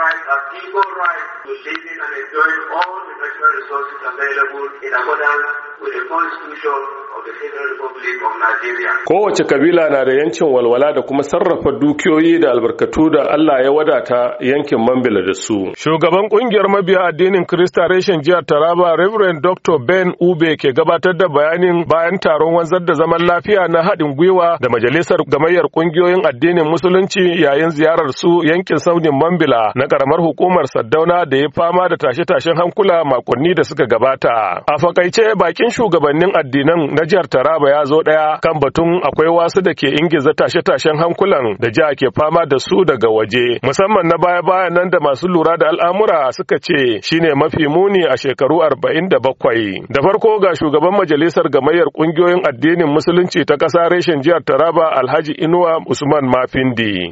right of equal right to in and enjoy all the natural resources available in accordance with the Constitution Kowace kabila na da yancin walwala da kuma sarrafa dukiyoyi da albarkatu da Allah ya wadata yankin Mambila da su. Shugaban kungiyar mabiya addinin Kirista reshen jihar Taraba Reverend Dr. Ben Ube ke gabatar da bayanin bayan taron wanzar da zaman lafiya na haɗin gwiwa da majalisar gamayyar kungiyoyin addinin musulunci yayin ziyarar su yankin Saunin Mambila na karamar hukumar Saddauna da ya fama da tashe-tashen hankula makonni da suka gabata. A fakaice bakin shugabannin addinan na jihar Taraba ya zo ɗaya kan batun akwai wasu da ke ingiza tashe-tashen hankulan da jiha ke fama da su daga waje musamman na baya-bayan nan da masu lura da al'amura suka ce shine mafi muni a shekaru arba'in da bakwai. Da farko ga shugaban majalisar gamayyar ƙungiyoyin addinin musulunci ta ƙasa reshen jihar Taraba Alhaji Inuwa Usman Mafindi.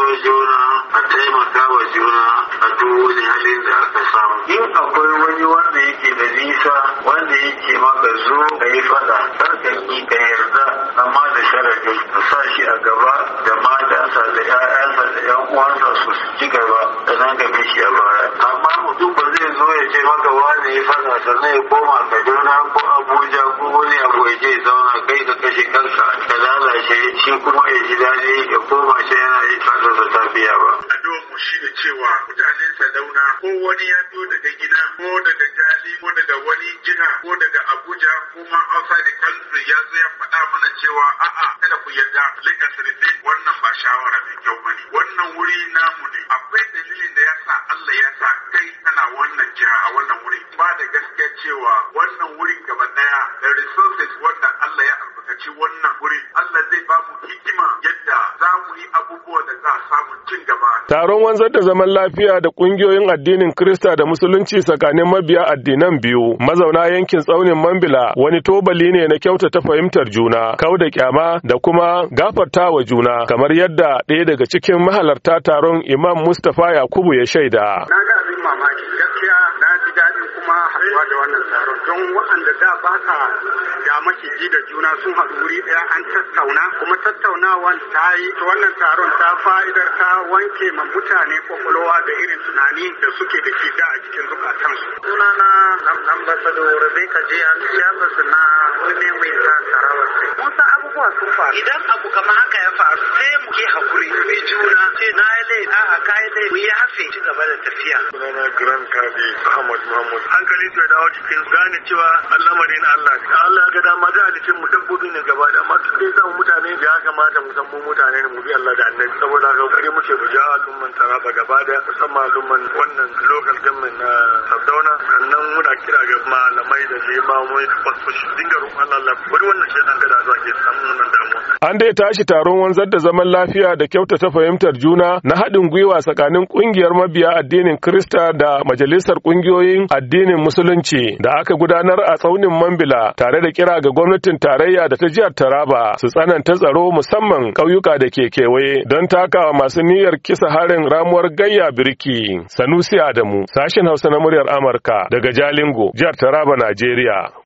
so juna a taimaka wa juna a duk wani halin da aka samu in akwai wani wanda yake da nisa wanda yake maka zo ka yi fada karka ki ka yarda amma da sharadi ka sa shi a gaba da matansa da 'ya'yansa da 'yan uwansa su ci gaba sannan ka bi shi a baya amma mutum zo ya ce maka wani ya fara sannan ya koma kaduna ko abuja ko wani abu ya ce zauna kai ka kashe kanka ka lalace shi kuma ya ji daɗi ya koma shi yana yi fasa da tafiya ba. ado mu shi ne cewa mutanen sadauna ko wani ya biyo daga gida ko daga jali ko daga wani jiha ko daga abuja ko ma outside the country ya zo ya faɗa mana cewa a'a kada ku yarda lika Repeat wannan ba shawara mai kyau ne. wannan wuri namu ne akwai dalilin da ya sa Allah ya sa cewa wannan wurin gaba daya da resources wanda Allah ya albarkaci wannan wurin Allah zai ba mu hikima yadda za mu yi abubuwa da za samu cin gaba. Taron wanzar da zaman lafiya da ƙungiyoyin addinin Kirista da Musulunci tsakanin mabiya addinan biyu mazauna yankin tsaunin Mambila wani tobali ne na kyautata fahimtar juna, kau da kyama da kuma gafarta wa juna kamar yadda ɗaya daga cikin mahalarta taron Imam Mustapha Yakubu ya shaida. Na ga abin mamaki da wannan taron don waɗanda da ba sa da maciji da juna sun haɗu wuri ɗaya an tattauna kuma tattaunawan ta yi ta wannan taron ta fa'idar ta wanke ma mutane kwakwalwa da irin tunani da suke da shi da a cikin zukatansu. Sunana ambassador Rebecca ya Chairperson na Women Win Tarawar. Mun san abubuwa sun faru. Idan abu kamar haka ya faru ne a'a kayi ne mu yi hafe ci gaba da tafiya sunana grand kadi ahmad muhammad hankali zai dawo cikin gane cewa al'amari na allah allah ga dama da halicin mu dabbobi ne gaba da amma tun dai zamu mutane ya kamata mu san mu mutane ne mu bi allah da annabi saboda haka kokari muke mu ja al'umman taraba gaba da musamman al'umman wannan local government na sardauna sannan muna kira ga malamai da limamai wasu dinga roƙon allah wani wannan shi an gada zuwa ke samu nan da. An dai tashi taron wanzar da zaman lafiya da kyautata fahimtar juna na haɗin gwiwa tsakanin ƙungiyar mabiya addinin Kirista da majalisar ƙungiyoyin addinin Musulunci da aka gudanar a tsaunin Mambila tare da kira ga gwamnatin tarayya da ta jihar Taraba su tsananta tsaro musamman ƙauyuka da ke kewaye don takawa masu niyyar kisa harin ramuwar gayya birki. Sanusi Adamu, sashen Hausa na muryar Amurka daga Jalingo, jihar Taraba, Najeriya.